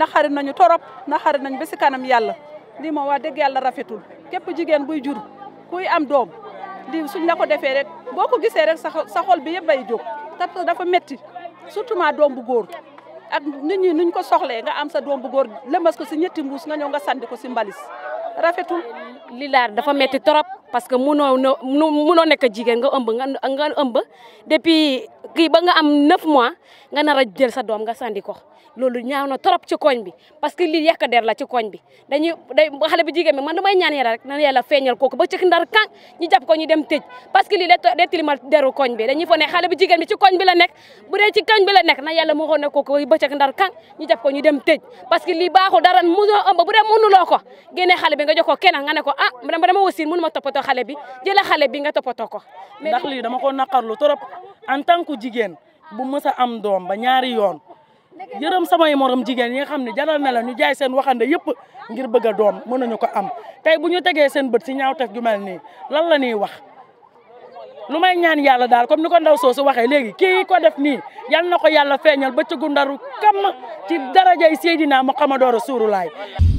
naxari nañu torop naxari nañ ba si kanam yàlla lii moom wax dëgg yàlla rafetul képp jigéen buy jur kuy am doom lii suñ la ko defee rek boo ko rek sa xol bi yëpp ay jóg dafa metti surtout ma doom bu góor ak nit ñi nuñ ko soxlee nga am sa doom bu ko si ñetti nga ñëw nga sandi ko si mbalis rafetul li laar dafa metti torop parce que munoo munoo nekk jigéen nga ëmb nga ëmb depuis kii ba nga am 9 mois nga nar a jël sa doom nga sandi ko loolu ñaaw na trop ci koñ bi parce que lii yàq der la ci koñ bi dañuy day xale bu bi man na bi dañuy koñ bi la nekk bu dee ci koñ bi la nekk na yàlla mu waxoon ne ko ko génne xale ko keneen nga ne ko ah dama wasin mënu ma toppatoo xale bi jëla xale bi nga toppatoo ko ndax lii dama ko naqarlu trop en tant que jigéen bu mës a am doom ba ñaari yoon yërëm samay morom jigéen yi nga xam ne jaral na la ñu jaay seen waxande yëpp ngir bëgga a doom mën nañu ko am tey bu ñu tegee seen bët si ñaawteef ju mel nii lan la ñuy wax lu may ñaan yàlla daal comme ni ko ndaw soosu waxee léegi kii ko def nii yal na ko yàlla feeñal ba cëgu ndaru kam ci darajay door Muhammadu laay